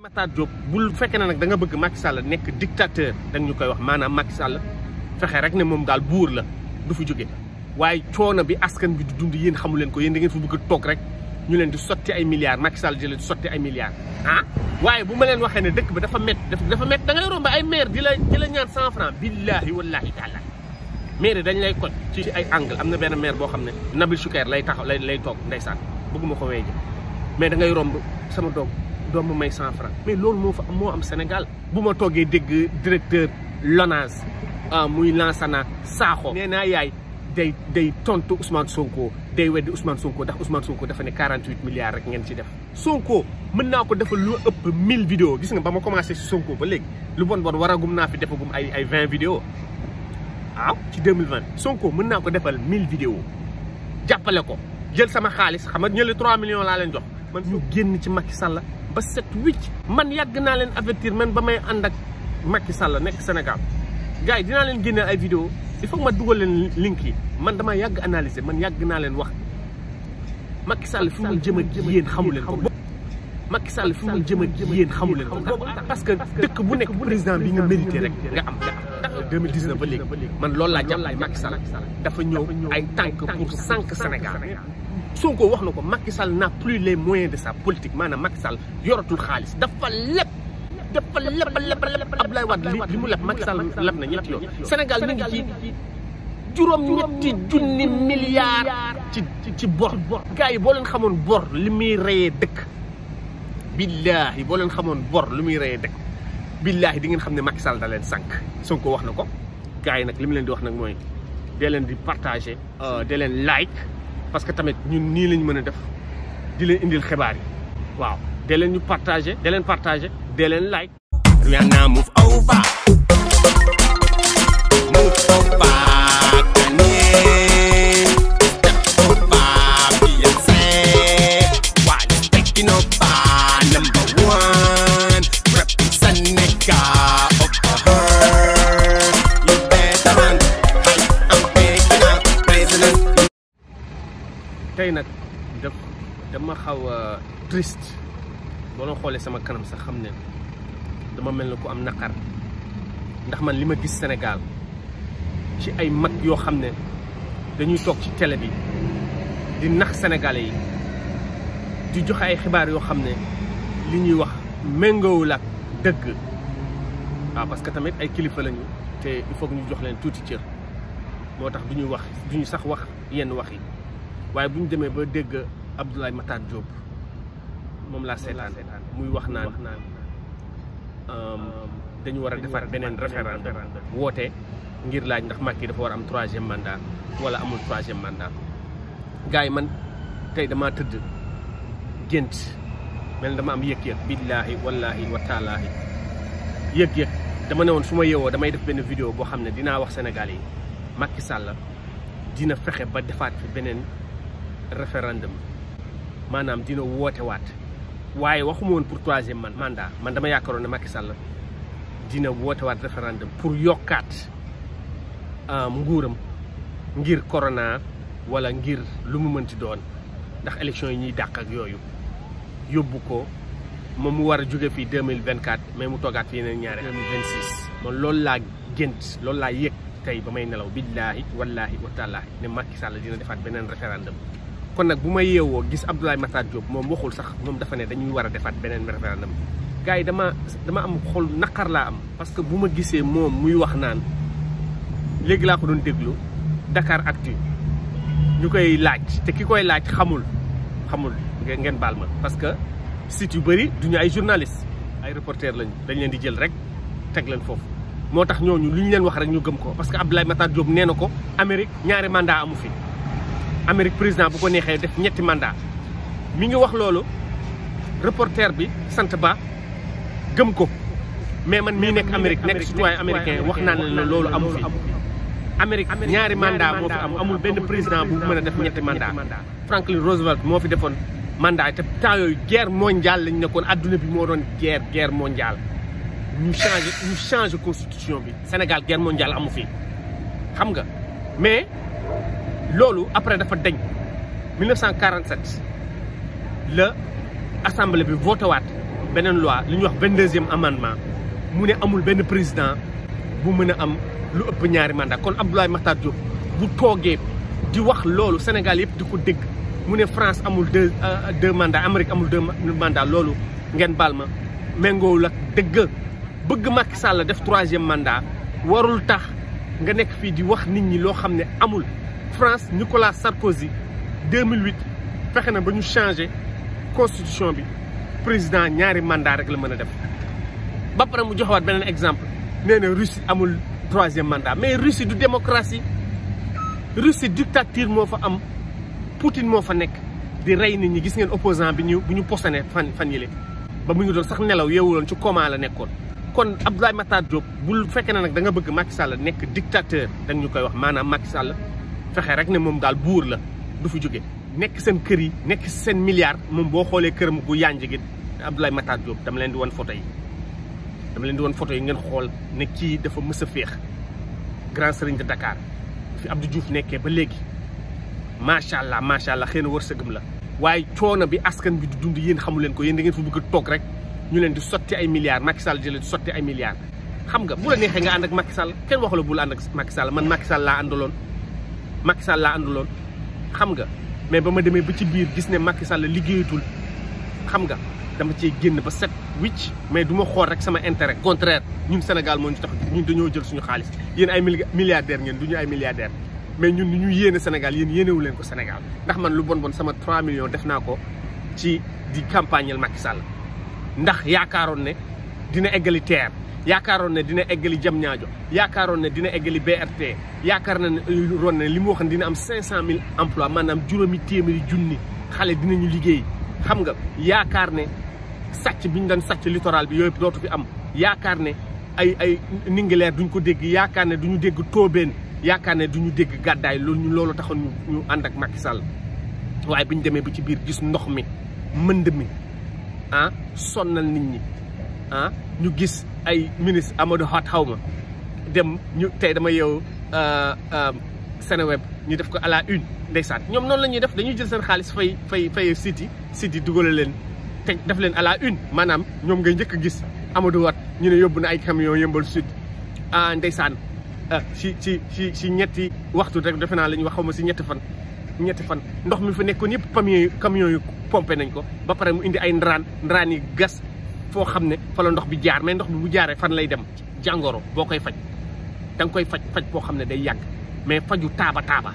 Makhtar Diop bul fekkee ne nag da nga bëgg Macky Sall nekk dictateur danga ñu koy wax maanaam Macky Sall fexe rek ne moom daal buur la du fi jóge waaye coono bi askan bi du dund yéen xamu leen ko yéen da ngeen fi bëgg toog rek ñu leen di sotti ay milliards Macky Sall di leen di sotti ay milliards ah waaye bu ma leen waxee ne dëkk bi dafa met dafa met da ngay romb ay maire di la di la ñaan cent franc billahi wallahi taala maire dañ lay koj ci ay angle amna na benn maire boo xam Nabil Choucair lay taxaw lay lay toog ndeysaan bëgguma ko weeje mais da ngay romb sama doom doom ma may cent franc mais loolu moo fa moo am Sénégal bu ma toogee dégg directeur LONASE ah, muy Lansana Sakho nee naa yaay day day tontu Ousmane Sonko day weddi Ousmane Sonko ndax Ousmane Sonko dafa ne 48 milliards rek ngeen ci def Sonko mën naa ko defal lu ëpp 1000 vidéo gis nga ba ma commencé si Sonko ba léegi lu bon bon waragum naa fi defagum ay ay 20 vidéo waaw ah, ci 2020 Sonko mën naa ko defal 1000 vidéo jàppale ko jël sama xaalis xam nga ñële 3 millions laa leen jox man génn ci Macky Sall ba set wicc man yàgg naa leen avertir man ba may ànd ak Macky Sall nekk Sénégal gars yi dinaa leen génne ay video il faut ma dugal leen link yi man damay yàgg analyser man yàgg naa leen wax Macky Sall fi mu jëm ak yéen xamu leen ko Macky Sall fi mu jëm ak yéen xamu leen ko parce que dëkk bu nekk président bi nga mérité rek nga am 2019 ba léegi man loolu laa ay Macky dafa ñëw ay tànk pour sànq Sénégal Sonko na n'a plus les moyens de sa politique Macky Sall yoratul khalis dafa lepp dafa lepp lepp Il Wade li mu lepp Macky Sall lepp na Sénégal mi ngi ci qui ñetti junni milliards ci ci bor. gars yi bo leen xamone bor li muy dekk billahi le leen xamone bor lu dekk billahi di ngeen Macky Sall da leen Sonko wax gars yi leen di wax leen partager euh, de leen like. parce que tamit ñun nii lañu mën a def di leen indil xibaar yi waaw dee leen ñu partagé dee leen partagé dee leen like Rihanna move over taxaw triste bo lo xolé sama kanam sax xamne dama mel ko am nakar ndax man lima gis Sénégal ci ay mag yo xamne dañuy tok ci télé bi di nax sénégalais yi di jox ay xibaar yo xamne li ñuy wax méngoowul ak deug waaw parce que tamit ay kilifa lañu te il faut que ñu jox leen tuuti cër moo tax du wax duñu sax wax yenn wax yi waye buñu démé ba dégg. Abdoulaye Matar Diop moom laa seetaan muy wax naan um, um, dañu war a defar beneen référendum woote ngir laaj ndax Macky dafa war am troisième mandat wala amul troisième mandat gars yi man tey damaa tëdd gént mel dama am yëg-yëg billaahi wallaahi wa taalaahi yëg dama ne woon su ma yeewoo damay def benn vidéo boo xam ne dinaa wax senegal yi Macky Sall dina fexe ba defaat fi beneen référendum maanaam dina woote waat waaye waxuma woon pour man mandat man dama yaakaaroon ne Macky Sall dina woote waat référendum pour yokkaat euh, nguuram ngir corona wala ngir lu mu mënti doon ndax élection yi ñuy dàq ak yooyu yóbbu ko moom mu war a jóge fii deux mille vingt quatre mais mu toogaat fi yeneen ñaari deux mille vingt laa gént loolu laa yëg tey ba may nelaw billaahi wallaahi wa taalaahi ne Macky Sall dina defaat beneen référendum kon nak buma yewo gis Abdoulaye Makhtar job mom waxul sax mom dafa ne dañuy wara defat benen referendum référendum dama dama am xol nakar la am parce que buma ma mom muy wax nan léegi la ko don deglu Dakar Actu ñukay laaj te ki koy laaj xamul xamul ngeen baal ma parce que site yu bari duñu ay journaliste ay reporter lañ dañ leen di jël rek tek leen fofu motax ñoñu luñu leen wax rek ñu gëm ko parce que Abdoulaye Makhtar job nee amerique ñaari mandat amu fi Amérique président bu ko neexee def ñetti mandat mi ngi wax loolu reporter bi sant ba gëm ko mais man mii nekk Amérique nekk citoyen américain wax naa ne la loolu amu fi Amérique ñaari mandaa moo fi am amul benn président bu mën a def ñetti mandat Franklin Roosevelt moo fi defoon mandat te temps yooyu guerre mondiale lañ nekkoon adduna bi moo doon guerre guerre mondiale ñu changé ñu constitution bi Sénégal guerre mondiale amu fi xam nga mais lolu après dafa deñ 1947 le assemblée bi voté wat benen loi li ñuy wax 22e amendement mu amul ben président bu mën am lu ëpp ñaari mandat kon Abdoulaye Makhtar Diop bu togué di wax lolu Sénégal yépp diko dégg mu France amul deux euh, deux mandats Amérique amul deux mandats lolu ngén balma ma méngoowul ak dëgg bëgg Macky Sall def 3e mandat warul tax nga nek fi di wax nit ñi lo xamné amul. France Nicolas Sarkozy 2008 fait na changer constitution Le président ñaari mandat rek la Je def ba un exemple Russie Russie a amul troisième mandat mais Russie une démocratie Russie dictature moo fa am Poutine est fa di nit ñi gis ngeen opposant bi la kon Abdoulaye Matar Diop bu fekkee ne da nga dictateur fexe rek ne moom daal buur la du fi jóge nekk seen kër yi nekk seen milliards moom boo xoolee këram gu yànj gi Abdoulaye mataat Diop dama leen di woon photo yi leen di woon yi ngeen xool ne kii dafa mësa a féex grand sëriñ de Dakar fi Abdou Diouf nekkee ba léegi macha allah macha allah xëy na wërsëgam la waaye coono bi askan bi di dund yéen xamu leen ko yéen da ngeen fi bëgg toog rek ñu leen di sotti ay milliards Macky Sall di leen di sotti ay milliards xam nga bu neexee nga ànd ak Macky Sall kenn waxu la bul ànd ak Macky man Macky Sall àndaloon Macky Sall laa ànduloon xam nga mais ba ma demee ba ci biir gis ne Macky Sall liggéeyatul xam nga dama cee génn ba set wicc mais du ma xool rek sama intérêt contraire ñun Sénégal moo ñu tax ñun dañoo jël suñu xaalis yéen ay milliardaire ngeen du ñu ay milliardaire mais ñun ni ñu yéene Sénégal yéen yéenewu leen ko Sénégal ndax man lu bon bon sama 3 millions def naa ko ci di campagneel Macky Sall ndax yaakaaroon ne dina égalitaire yaakaaroon ne dina eggali Diamniadio yaakaaroon ne dina eggali BRT yaakaar na ne euh, roon ne li mu waxoon dina am 500000 manaam maanaam juróomi téeméeri junni xale dinañu liggéey xam nga yaakaar ne sàcc bi ñu doon sàcc littoral bi yooyu dootu fi am yaakaar ne ay ay ningileer duñ ko dégg yaakaar ne duñu dégg tóobeen yaakaar ne duñu dégg gàddaay loolu ñu loolu taxoon ñu ànd ak Macky Sall waaye bi ñu demee ba ci biir gis ndox mi mënd mi ah sonnal nit ñi ah, ñu gis ay ministre Amadou Hott xaw ma dem ñu tey dama yeewu euh, euh, Seneweb ñu def ko à une ndeysaan ñoom noonu la ñuy def dañuy jël seen xaalis fay fay fay site yi site dugale leen teg def leen à une maanaam ñoom ngay njëkk gis Amadou Hott ñu ne yóbbu na ay camion yëmbal sud ah ndeysaan si ah, ci ci si ñetti waxtu rek defe naa la ñuy wax ma si ñetti fan ñetti fan ndox mi fa nekkoon yëpp camion yi camion yi nañ ko ba pare mu indi ay ndaraan ndaraan yi gas foo xam ne fa la ndox bi jaar mais ndox bi bu jaaree fan lay dem jàngoro boo koy faj da nga koy faj faj boo xam ne day yàgg mais faju taaba taaba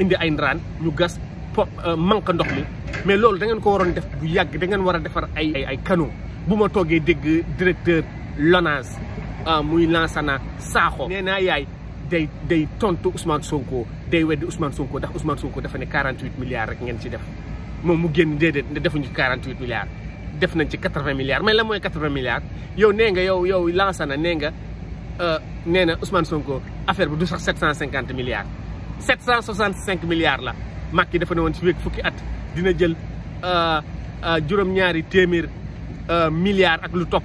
indi ay ndaraan ñu gas po euh, manque ndox mi mais loolu dangeen ko waroon def bu yàgg dangeen war a defar ay ay canaux bu ma toogee dégg directeur LONASE euh, muy Lansana Sakho nee naa yaay day day tontu Ousmane Sonko day weddi Ousmane Sonko ndax Ousmane Sonko dafa ne 48 milliards rek ngeen ci def moom mu génn déedéet ne defuñu 48 milliards def nañ ci quatre-vingts milliards mais la mooy quatre yow nee nga yow yow Lansana nee nga euh, nee na Ousmane Sonko affaire bi du sax sept cent cinquante milliards sept cent soixante-cinq la Macky dafa ne woon ci wéeg fukki at dina jël euh, euh, juróom-ñaari téeméer milliards ak lu topp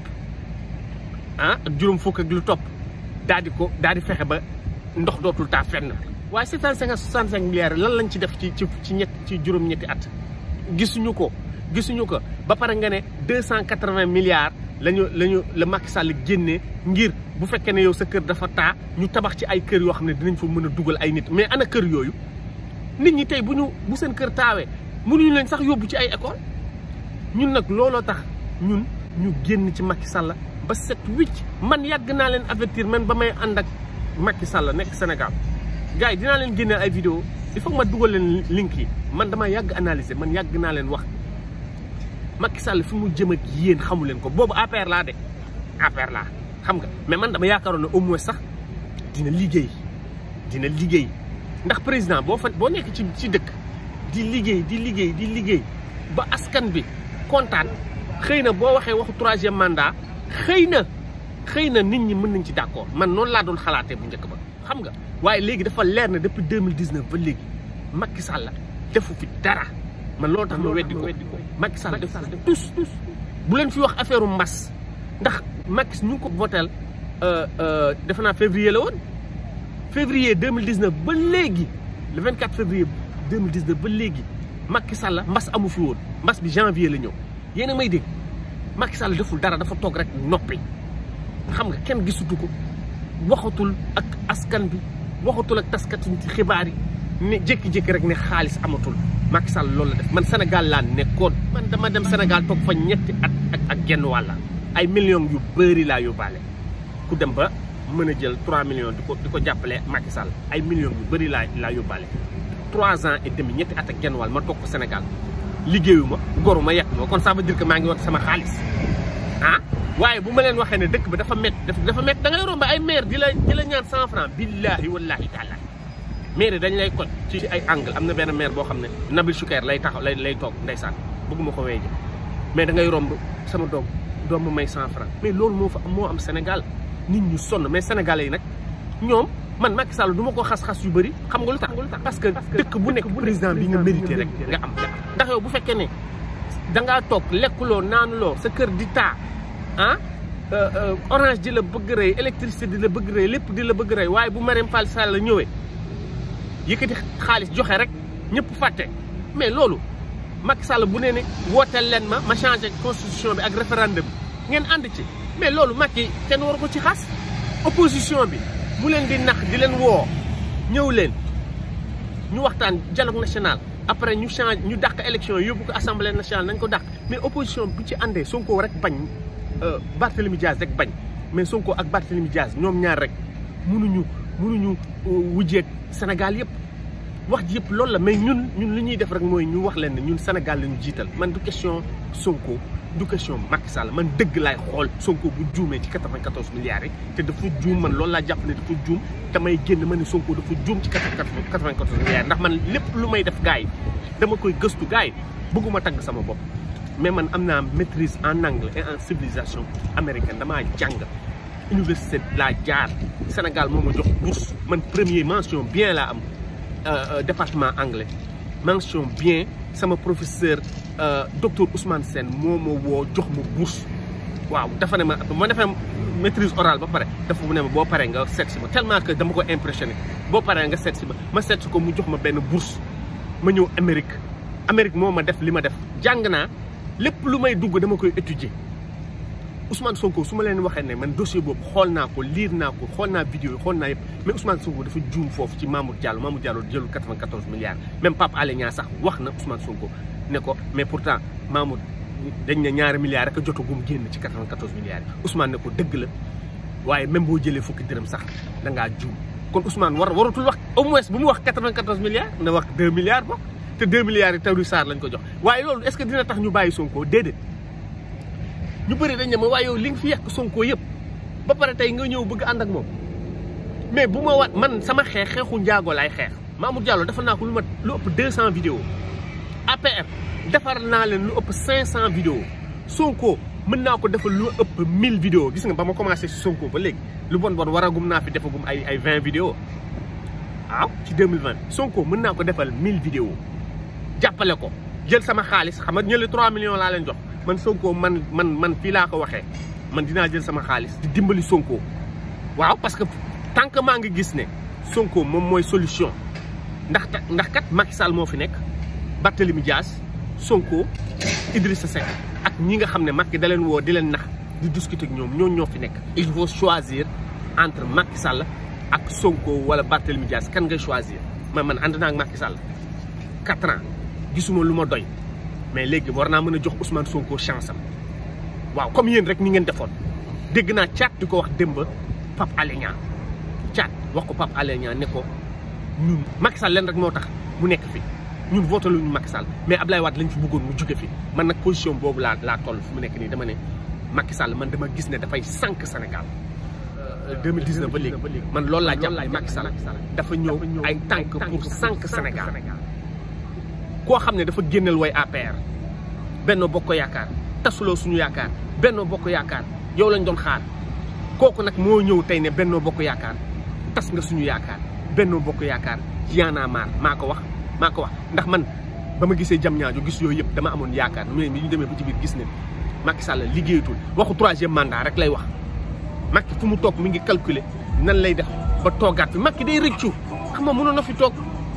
ah juróom fukk ak topp daal di ko daal di fexe ba ndox dootul taa fenn waaye sept cent cinquante soixante-cinq milliards lan lañ ci def ci ci ci ñett ci juróom-ñetti at gisuñu ko gisuñu ko ba pare nga ne deux cent quatre-vingts milliards lañu lañu la Macky Sall génnee ngir bu fekkee ne yow sa kër dafa taa ñu tabax ci ay kër yoo xam ne dinañ fa mën a dugal ay nit mais ana kër yooyu nit ñi tey bu ñu bu seen kër taawee mënuñu leen sax yóbbu ci ay école ñun nag looloo tax ñun ñu génn ci Macky Sall ba set wicc man yàgg naa leen avertir man ba may ànd ak Macky Sall nekk senegal gars yi dinaa leen génneel ay video il faut ma dugal leen link yi man damay yàgg analyser man yàgg naa leen wax Macky Sall fi mu jëm ak yéen xamu leen ko boobu APR laa de APR laa xam nga mais man dama yaakaaroon ne au moins sax dina liggéey dina liggéey ndax président boo fa boo nekk ci ci dëkk di liggéey di liggéey di liggéey ba askan bi kontaan xëy na boo waxee waxu troisième mandat xëy na xëy na nit ñi mën nañ ci d'accord man noonu laa doon xalaatee bu njëkk ba xam nga waaye léegi dafa leer na depuis deux mille dix-neuf ba léegi Macky Sall defu fi dara. man loolu tax ma weddi ko Macky Sall def tous tous bu leen fi wax affaire mbas ndax Macky ñu ko votel euh euh def naa février la woon février 2019 ba léegi le 24 février 2019 ba léegi Macky Sall mbas amu fi woon mbas bi janvier la ñëw yéen a may dégg Macky Sall deful dara dafa toog rek noppi xam nga kenn gisutu ko waxatul ak askan bi waxatul ak taskati xibaar yi ne jékki-jékki rek ne xaalis amatul Macky lol la def man senegal la nekkone man dama dem senegal tok fa ñetti at ak ak genn ay millions yu la yu balé ku dem ba mëna jël 3 millions diko diko jappalé Macky Sall ay millions yu la la yu balé 3 ans et demi ñetti at ak genn wàll ma tok senegal Sénégal goruma yak goru kon ça veut dire que ah? ma ngi wax sama xaliss ah waye buma len waxé né dëkk bi dafa met dafa met da ngay romb ay maire di la di la ñaan 100 francs billahi wallahi taala mairie dañ lay coj ci ay angle am na benn maire boo xam ne Nabil Choucair lay taxaw lay lay toog ndeysaan bëgguma ko weeje mais dangay romb sama doom doom bu may cent franc mais loolu moo fa moo am Sénégal nit ñu sonn mais sénégalais yi nag ñoom man Macky Sall du ma ko xas-xas yu bëri xam nga lu tax parce que dëkk bu nekk président bi nga mérité rek nga am ndax yow bu fekkee ne dangaa toog lekkuloo naanuloo sa kër di taa ah euh, euh, orange di la bëgg rey électricité di la bëgg rey lépp di la bëgg waaye bu Marème Faye Sall ñëwee yëkkati xaalis joxe rek ñëpp fàtte mais loolu Macky Sall bu nee ne wooteel leen ma ma changé constitution bi ak référendum ngeen ànd ci mais loolu Macky kenn waru ko ci xas opposition bi mu leen bi nax di leen woo ñëw leen ñu waxtaan dialogue national après ñu change ñu dàq élection yóbbu ko assemblée nationale nañ ko dàq mais opposition bi ci àndee Sonko rek bañ euh, Barthélemy Diaz rek bañ mais Sonko ak Barthélemy Diaz ñoom ñaar rek mënuñu mënuñu euh, wujjeeg Sénégal yëpp wax ji yëpp loolu la mais ñun ñun li ñuy def rek mooy ñu wax leen ne ñun Sénégal la ñu jiital man du question Sonko du question Macky Sall man dëgg laay xool Sonko bu juumee ci 94 milliards yi te dafa juum man loolu laa jàpp ne dafa juum damay génn ma ne Sonko dafa juum ci 94 milliards ndax man lépp lu may def gars yi dama koy gëstu gars yi bëgguma tagg sama bopp mais man am naa maîtrise en anglais et en civilisation américaine damaa jàng université laa jaar Sénégal moo jox bourse man premier mention bien laa am euh, euh, département anglais mention bien sama professeur euh, docteur Ousmane Sen. moo ma woo jox ma bourse waaw dafa ne ma ma defee maîtrise orale ba pare dafa ne ma boo paree nga seet si tellement que dama ko impressionné boo paree nga seet si ma ma seet si ko mu jox ma benn bourse ma ñëw Amérique Amérique moo ma def li ma def jàng naa lépp lu may dugg dama koy étudier Ousmane Sonko su ma leen waxee ne man dossier boobu xool naa ko liir naa ko xool naa vidéo yi xool naa yëpp mais Ousmane Sonko dafa juum foofu ci Mamour Diallo Mamour Diallo jëlul 94 milliards même Pape ko mais pourtant Mamour dañ ne ñaari milliards rek a jotagum génn ci 94 milliards yi Ousmane ne ko dëgg la waaye même boo jëlee fukki dërëm sax da ngaa juum kon Ousmane war waratul wax au moins bu mu wax 94 milliards na wax 2 milliards bokk te 2 milliards yi Tawri Sarr lañ ko jox waaye loolu est-ce que dina tax ñu bàyyi ñu bëri dañ ne ma wayo yow li nga fi yak sonko yëpp ba paré tay nga ñëw bëgg and ak mom mais bu ma wat man sama xex xexu ndiago lay xex Mamour Diallo defal na ko lu mat lu ëpp 200 vidéo APR defar na leen lu ëpp 500 vidéo sonko mën na ko defal lu ëpp 1000 vidéo gis nga ba ma commencé ci sonko ba léegi lu bon bon waragum na fi defagum ay ay 20 vidéo waaw ah, ci 2020 sonko mën na ko defal 1000 vidéo jappalé ko jël sama xaliss xam nga ñële 3 millions la leen jox man Sonko man man man fii laa ko waxee man dinaa jël sama xaalis di dimbali Sonko waaw parce que tant que maa ngi gis ne Sonko moom mooy solution ndax ndax kat Macky Sall moo fi nekk Barthélemy Dias Sonko Idrissa Seck ak ñi nga xam ne Macky da leen woo di leen nax di discuter ak ñoom ñoo ñoo fi nekk. il faut choisir entre Macky Sall ak Sonko wala Barthélemy Dias kan ngay choisir man man ànd naa ak Macky Sall quatre ans gisuma lu ma doy. mais léegi war naa mën a jox Ousmane Sonko chance am waaw comme yéen rek ni ngeen defoon dégg naa caat di ko wax démb Pape Alé Niang caat wax ko Pape Alé Niang ne ko ñun Macky Sall leen rek moo tax mu nekk fi ñun voté lu ñu Macky mais mais Abdoulaye Wade lañ fi bëggoon mu jóge fi man nag position boobu laa laa toll fu mu nekk nii dama ne Macky Sall man dama gis ne dafay sànq Sénégal. 2019 euh, ba léegi man loolu laa jàpp Macky Sall dafa ñëw ay tànk pour sànq Sénégal. koo xam ne dafa génneel way APR Benno Bokk Yaakaar tasuloo suñu yaakaar Benno Bokk Yaakaar yow lañ doon xaar kooku nag moo ñëw tey ne Benno Bokk Yaakaar tas nga suñu yaakaar Benno Bokk Yaakaar yaanaa maar maa ko wax maa ko wax ndax man ba ma gisee jam ñaajo gis yooyu yëpp dama amoon yaakaar mu ne bi ñu demee ba ci biir gis ne Macky Sall liggéeyatul waxu troisième mandat rek lay wax Macky fu mu toog mi ngi calculer nan lay def ba toogaat fi Macky day rëccu xam nga na fi toog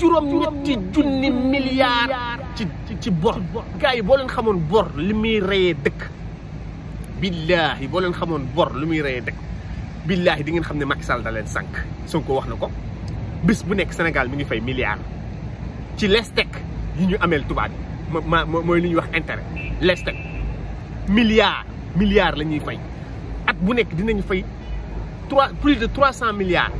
juróom-ñetti junni milliards ci ci bor gars yi boo leen xamoon bor li muy reyee dëkk billaahi boo leen xamoon bor li muy reyee dëkk billaahi di ngeen xam ne Macky Sall da leen sànq Sonko wax na ko bis bu nekk Sénégal mi ngi fay milliards ci lestek yi ñu ameel tubaab yi ma mooy li ñuy wax intérêt lestek milliards milliards la ñuy fay at bu nekk dinañu fay trois plus de trois cent milliards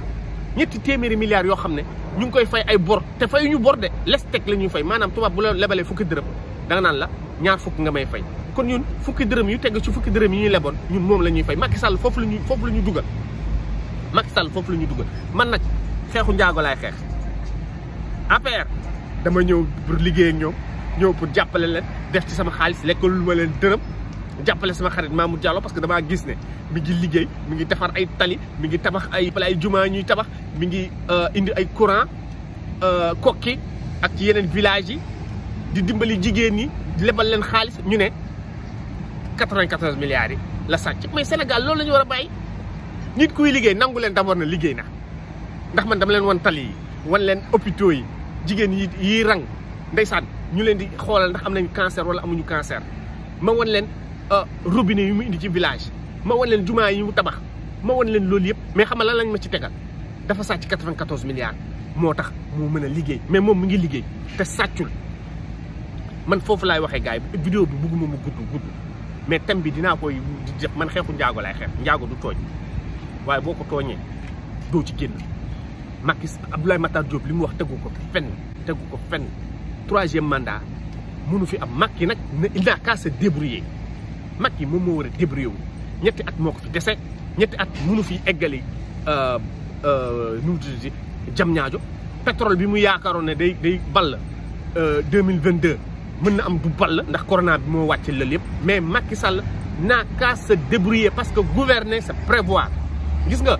ñetti téeméeri milliards yoo xam ne ñu ngi koy fay ay bor te fay ñu bor de lesteg la ñuy fay maanaam tubaab bu la lebalee fukki dërëm danga naan la ñaar fukk nga may fay kon ñun fukki dërëm yu teg ci fukki dërëm yi ñuy leboon ñun moom la ñuy fay Macky Sall foofu la ñu foofu la ñu dugal Macky foofu la ñu dugal man nag xeexu njaago laay xeex APR dama ñëw pour liggéey ñëw ñëw pour jàppale leen def ci sama xaalis lekk lu leen dërëm jappalé sama xarit Mamour Diallo parce que dama gis né mi ngi liggéey mi ngi défar ay tali mi ngi tabax ay fala ay juma ñuy tabax mi ngi euh, indi ay courant euh, kokki ak yenen village yi di dimbali jigéen ni di lebal leen xaalis ñu né 94 milliards la sacc mais Sénégal loolu lañu wara bay nit kuy liggéey nangul leen d'abord na liggéey na ndax man dama leen wan tali won wan leen hôpitaux yi jigéen yi yi rang ndaysan ñu leen di xolal ndax am nañ cancer wala amuñu cancer ma wan leen Ah, robinet yu mu indi ci village ma wan leen jumaa yi mu tabax ma wan leen loolu yëpp mais xam nga lan lañ ma ci tegal dafa sàcc 94 milliards moo tax moo mën a liggéey mais moom mu ngi liggéey te sàccul man foofu laay waxee gars bi vidéo bi bugguma mu gudd gudd mais thème bi dinaa koy def man xeexu njaago laay xeex njaago du tooñ waaye boo ko tooñee doo ci génn Macky Abdoulaye Matar Diop li mu wax tegu ko fenn tegu ko fenn troisième mandat mënu fi am Macky nag il n'a qu'à Macky moom wara war débrouiller wu ñetti at moko fi déssé ñetti at mënu fi égalé euh euh tudd jam ñaajo pétrole bi mu yaakaaroon day day ball euh 2022 vingt mën na am du ball ndax corona bi mo wàcc lël yëpp mais Macky Sall n'a qu'à se débrouiller parce que gouverner c'est prévoir gis nga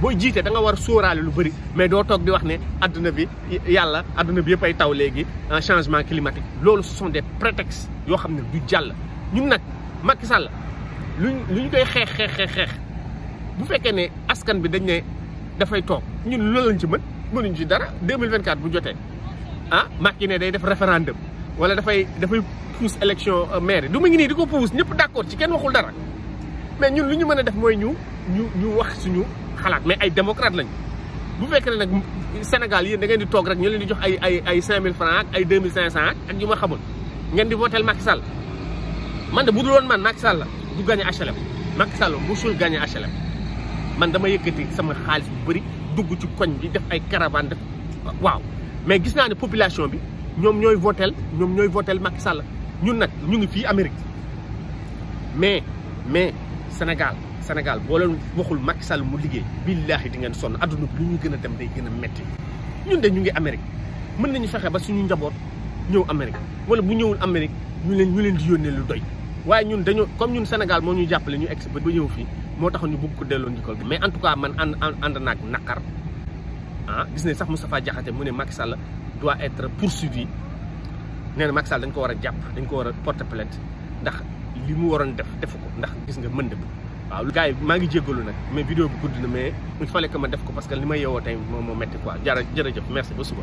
boy jité da nga war a lu bari mais do tok di wax ne aduna bi yalla aduna bi yëpp ay taw léegi changement climatique lolu ce sont des prétextes yo xamné du jall ñun Macky Sall lu ñu koy xeex xeex bu fekkee ne askan bi dañ ne dafay toog ñun loolu lañ ci mën mënuñ ci dara 2024 bu jotee ah Macky ne day def référendum wala dafay dafay pousse élection euh, maire du ma ngi nii di ko pousse ñëpp d'accord ci kenn waxul dara mais ñun lu ñu mën a def mooy ñu ñu ñu wax suñu xalaat mais ay démocrate lañ bu fekkee ne nag Sénégal yi da ngeen di toog rek ñu leen di jox ay ay ay 5000 francs ak ay 2500 ak yu ma xamul ngeen di votel Macky Sall man de bu dul woon man Macky Sall du gagné HLM Macky Sall musul gagné HLM man dama yëkkati sama xaalis bu bëri dugg ci koñ bi def ay caravane waaw mais gis naa ne population bi ñoom ñooy votel ñoom ñooy votel Macky Sall ñun nag ñu ngi fii Amérique mais mais Sénégal Sénégal boo leen waxul Macky Sall mu liggéey billaahi di ngeen sonn adduna bi lu ñu gën a dem day gën a metti ñun de ñu ngi Amérique mën nañu fexe ba suñu njaboot ñëw Amérique wala bu ñëwul Amérique ñu leen ñu leen di yónnee lu doy waaye ñun dañoo comme ñun Sénégal moo ñu jàppale ñu egsi ba ñëw fii moo tax ñu bugg ko delloo njukkal bi mais en tout cas man ànd ànd naag naqar ah gis ne sax Moustapha Diakhaté mu ne Macky Sall doit être poursuivi nee na Macky Sall dañ ko war a jàpp dañ ko war a porter plainte ndax li mu waroon def defu ko ndax gis nga mënd bi waaw gars yi maa ngi jéggalu nag mais vidéo bi gudd na mais il fallait que ma def ko parce que ma yeewoo tey moom moo metti quoi jërëjëf merci ba suba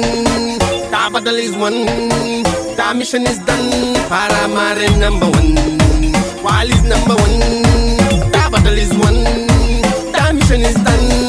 is one. That mission is done. Paramare number one. is number one. That battle is one. That mission is done.